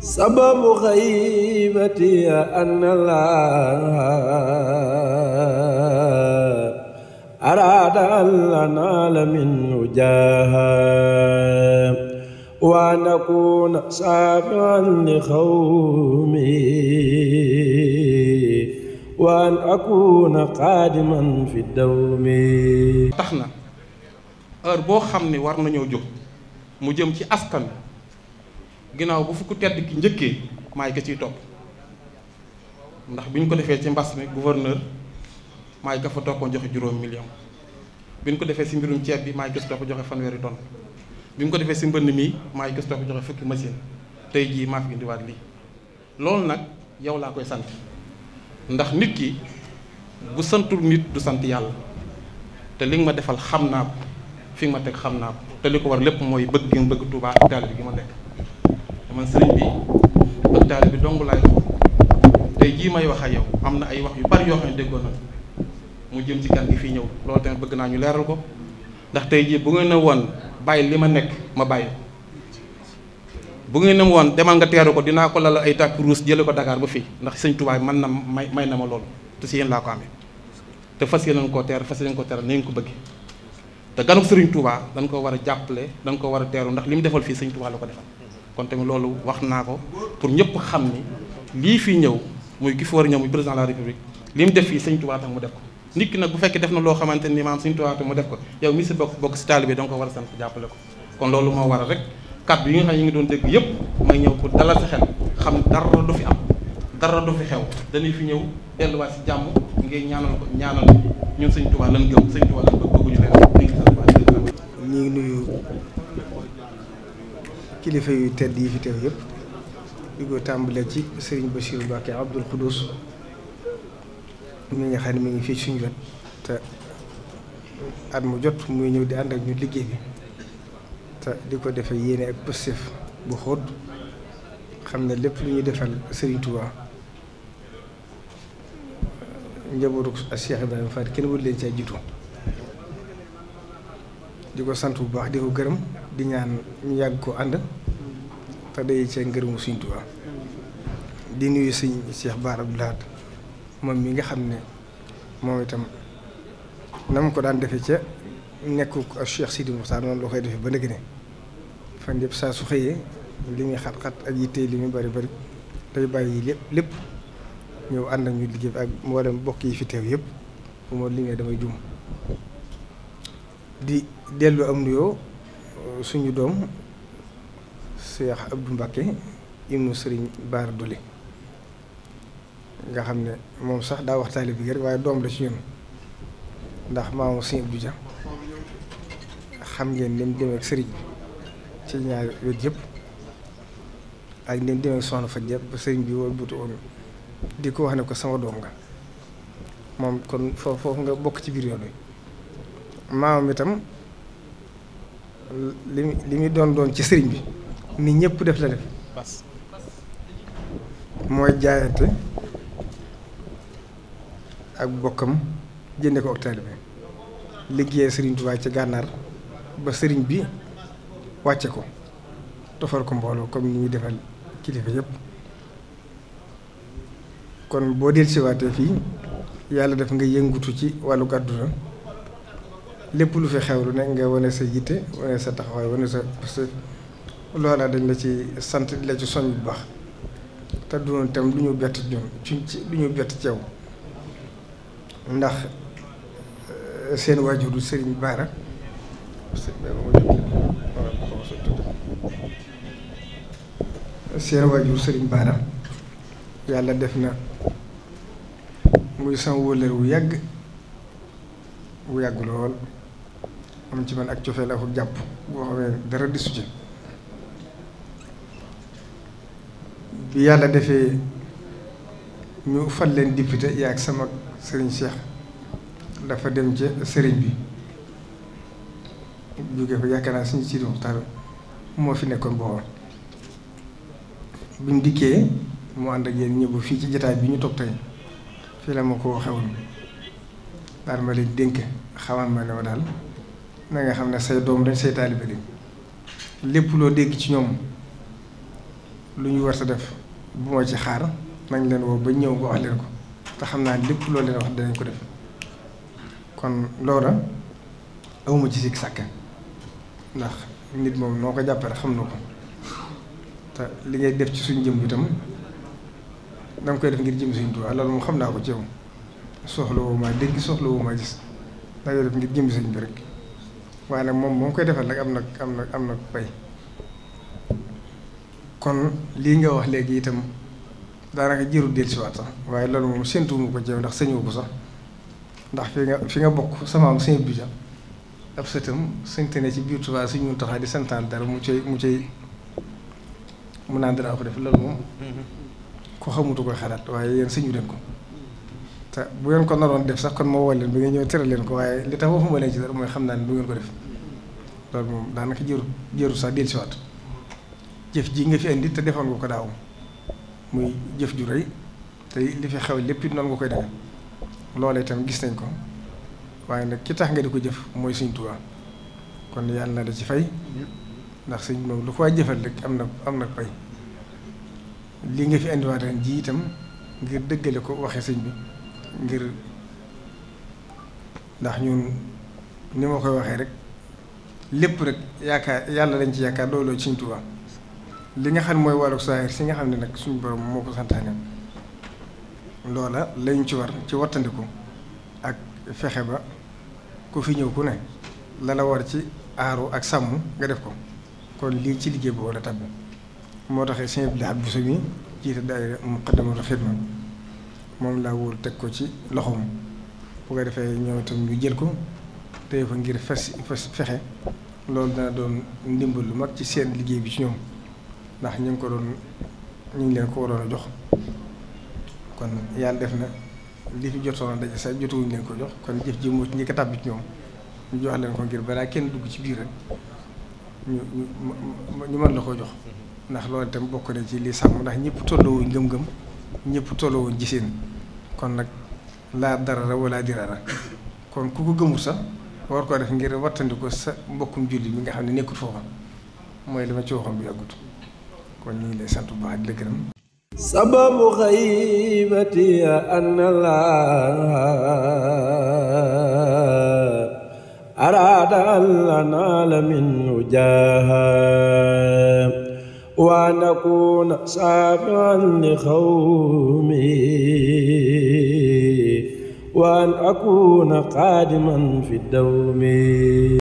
سبب غيبتي أن الله أراد أن لا نال منه جاها وأن أكون شافعا لقومي وأن أكون قادما في الدوم tax na heure boo xam ne war nañoo jóg mu jëm ci askan ginnaaw bu fukk ku tedd ki njëkkee maay ka ciy topp ndax bi ñu ko defee ci mbas mi gouverneur maay ka fa toppoon joxe juróom million bi ñu ko defee si mbirum ceeb bi maay ka si topp joxe fanweeri tonne bi ñu ko defee si mbënd mi maay ka si topp joxe fukki machine tey jii maa fi indiwaat lii loolu nag yow laa koy sant ndax nit ki bu santul nit du sant yàlla te li nga ma defal xam naa ko fi nga teg xam naa ko te li ko war lépp mooy bëgg gi nga bëgg tubaa ak bi gi ma nekk man sëriñ bi ak taalibe bi dong laay tey jii may wax ak yow am na ay wax yu bari yoo xam ne déggoon na mu jëm ci gan gi fi ñëw loolu tamit bëgg naa ñu leeral ko ndax tey jii bu ngeen ne woon bàyyi li ma nekk ma bàyyi bu ngeen ne woon demal nga teeru ko dinaa ko lal ay tàkk ruus jële ko dakaar ba fii ndax sëñ Tuubaa mën na may may na ma loolu te si yéen laa ko amee te fas yéeneen koo teer fas yéeneen koo teeral ni ngeen ko bëgg te ganuk sëriñ Tuubaa dañ ko war jàppale dañ ko war a teeru ndax li mu defal fii sëñ Tuubaa la ko defal kon tamit loolu wax naa ko pour ñëpp xam ni lii fii ñëw muy ki fi war a ñëw muy président la république li mu def fii sëñ Tuubaa tax mu def ko nit ki nag bu fekkee def na loo xamante ni maam sëñ Tuubaa tax mu def ko yow mi si war a moo waral rek kàddu yi nga xam ne ñu ngi doon dégg yëpp may ñëw pour dalal sa xel xam dara du fi am dara du fi xew dañuy fi ñëw delluwaat si jàmm ngay ñaanal ko ñaanal ñun sëñ Tuubaa lan gëm sëñ Tuubaa lan bëgg bëgguñu ngi nuyu kilifa yu tedd yi fi teew yëpp di ko tàmbalee ci sëriñ Bassirou Mbacké Abdoul Khoudous mi mi ngi fii suñu wet te at mu jot muy ñëw di ànd ak ñu liggéey bi te di ko defee yéene ak pëstef bu xóot xam ne lépp lu ñuy defal sëriñ Touba njabootu ak Cheikh Ibrahima Fall kenn wut leen caa jiitu. di ko sant bu baax di ko gërëm di ñaan ñu yàgg ko ànd te day cee ngërëmu Sëriñ Tuubaa di nuyu Sëriñ Cheikh Bara Abdou Lahad moom mi nga xam ne moom itam na mu ko daan defee ca nekku ak Cheikh Sidi Moustapha noonu loo koy defee ba léegi ne fan yëpp saa su xëyee li muy xat-xat ak yitte li muy bari bari day bàyyi lépp lépp ñëw ànd ak ñu liggéey ak mboolem mbokk yi fi teew yëpp bu ma limee damay juum di dellu am nuyoo euh, suñu doom Cheikh Abdou Mbacké ibnu Serigne Bara Dolly nga xam ne moom sax daa wax taalibe bi rek waaye doom la ci ñun ndax maamu Serigne Abdou xam ngeen ni mu demee ak Serigne ci ñaar wet yëpp ak ni mu demee soxna fa jëpp ba Serigne bi woo butu woon di ko wax ne ko sama doom nga moom kon foofu nga bokk ci biir yoon wi. maamam itam li li muy doon doon ci sëriñ bi ni ñëpp def la def mooy jaayante ak bokkam jënde ko ak taalibe bi liggéeyee sëriñ ci gànnaar ba sëriñ bi wàcce ko tofal ko mbooloo comme ni ñuy defal kilifa yëpp kon boo dellusiwaatee fii yàlla def nga yëngutu ci wàllu àdduna lépp lu fi xew lu ne nga wane sa yitte wane sa taxawaay wane sa parce que loola dañ la ci sant di la ci soñ bu baax te dunoon tam lu ñu bett ñun ci lu ñu bett ci ndax euh, seen waajur du Serigne Bara seen waajur Serigne Bara yàlla def na muy sama wóllër wu yàgg wu yàgg lool am ci man ak cofeel ak jàpp boo xamee dara disu bi yàlla defee ñu fal leen député yaa ak sama sëriñ Cheikh dafa dem ci sëriñ bi jóge fa yaakaar naa suñu Sidi Muxtaar moo fi nekkoon booba bi mu dikkee mu ànd ak yéen fii ci jataay bi ñu toog tey fii la ma ko waxee woon daal ma leen dénk xamal ma ne ma daal na nga xam ne say doom dañ say taalibe lañ lépp loo dégg ci ñoom lu ñu war sa def bu ma ci xaar nañ leen woo ba ñëw nga wax leen ko te xam naa lépp loo leen wax danañ ko def kon loola awma ci sikk sàkk ndax nit moom noo ko jàppale xam na ko te li ngay def ci suñ jëm bi itam da koy def ngir jëm suñ Tuubaa loolu moom xam naa ko ci yow soxla woo maa dégg soxla woo maa gis da ngay def ngir jëm suñ bi rek waaye nag moom moom koy defal nag am na am na am na bay kon lii nga wax léegi itam daanaka jërul dellusiwaat sax waaye loolu moom séntuwuma ko jëm ndax sëñu ko sax ndax fi nga fi nga bokk sama am sëñ bi ja ab sëtam sëñte ne ci biir Tuubaa suñu taxaa di santaan dara mu cay mu cay mu naan danaa ko def loolu moom mm-hmm. ko xamutu koy xalaat waaye yéen sëñu leen ko te bu ngeen ko naroon def sax kon moo woo leen bi nga ñëw tëral leen ko waaye li tax waxuma leen ci dara mooy xam naa ne du ngeen ko def loolu moom daanaka jëru jëru sax dellusiwaat jëf ji nga fi indi te defoon ko daaw muy jëf ju rëy te li fi xew lépp it noonu nga koy defee loolee itam gis nañ ko waaye nag ki tax nga di ko jëf mooy Sëñ kon yàlla na da ci fay ndax sëñ moom lu ko waay am na am na pay lii nga fi indiwaat ren itam ngir dëggale ko waxee sëñ bi. ngir ndax ñun ni ma koy waxee rek lépp rek yaakaar yàlla lañ ci yaakaar looloo ci Sëriñ Tuubaa li nga xam mooy wàllu saahir si nga xam ne nag suñu borom moo ko santaane loola lañu ci war ci wattandiku ak fexe ba ku fi ñëw ku ne la la war ci aaru ak sàmm nga def ko kon lii ci liggéey boobu la tàbbi moo taxee sëñ Abdou Lahad Bousso mi jiite daayira Muqaddamatul Xidma moom laa wóor teg ko ci loxoom bu defee ñoom itam ñu jël ko téye ko ngir fes fes fexe loolu dana doon ndimbal lu mag ci seen liggéey bi ci ñoom ndax ñu ko doon ñu leen ko waroon a jox kon yàlla def na li fi jotoon daje sax jotuwuñu leen ko jox kon jëf ji moo ci ñi ko tàbbi ci ñoom ñu jox leen ko ngir balaa kenn dugg ci biir rek ñu ñu man la koo jox mm-hmm. ndax loolu itam bokk na ci li sàmm ndax ñëpp tolloo wuñ gëm-gëm ñëpp tolloo wuñ giseen kon nag laa darara wala dirara kon ku ko gëmul sax war koo def ngir wattandiko sa mbokkum julli bi nga xam ne nekkut foofa mooy li ma ci waxoon bi yàggut kon ñu lay sant bu baax di la gërëm sababu xaybati an laa araada an la naala وأن أكون شافعا لقومي وأن أكون قادما في الدوم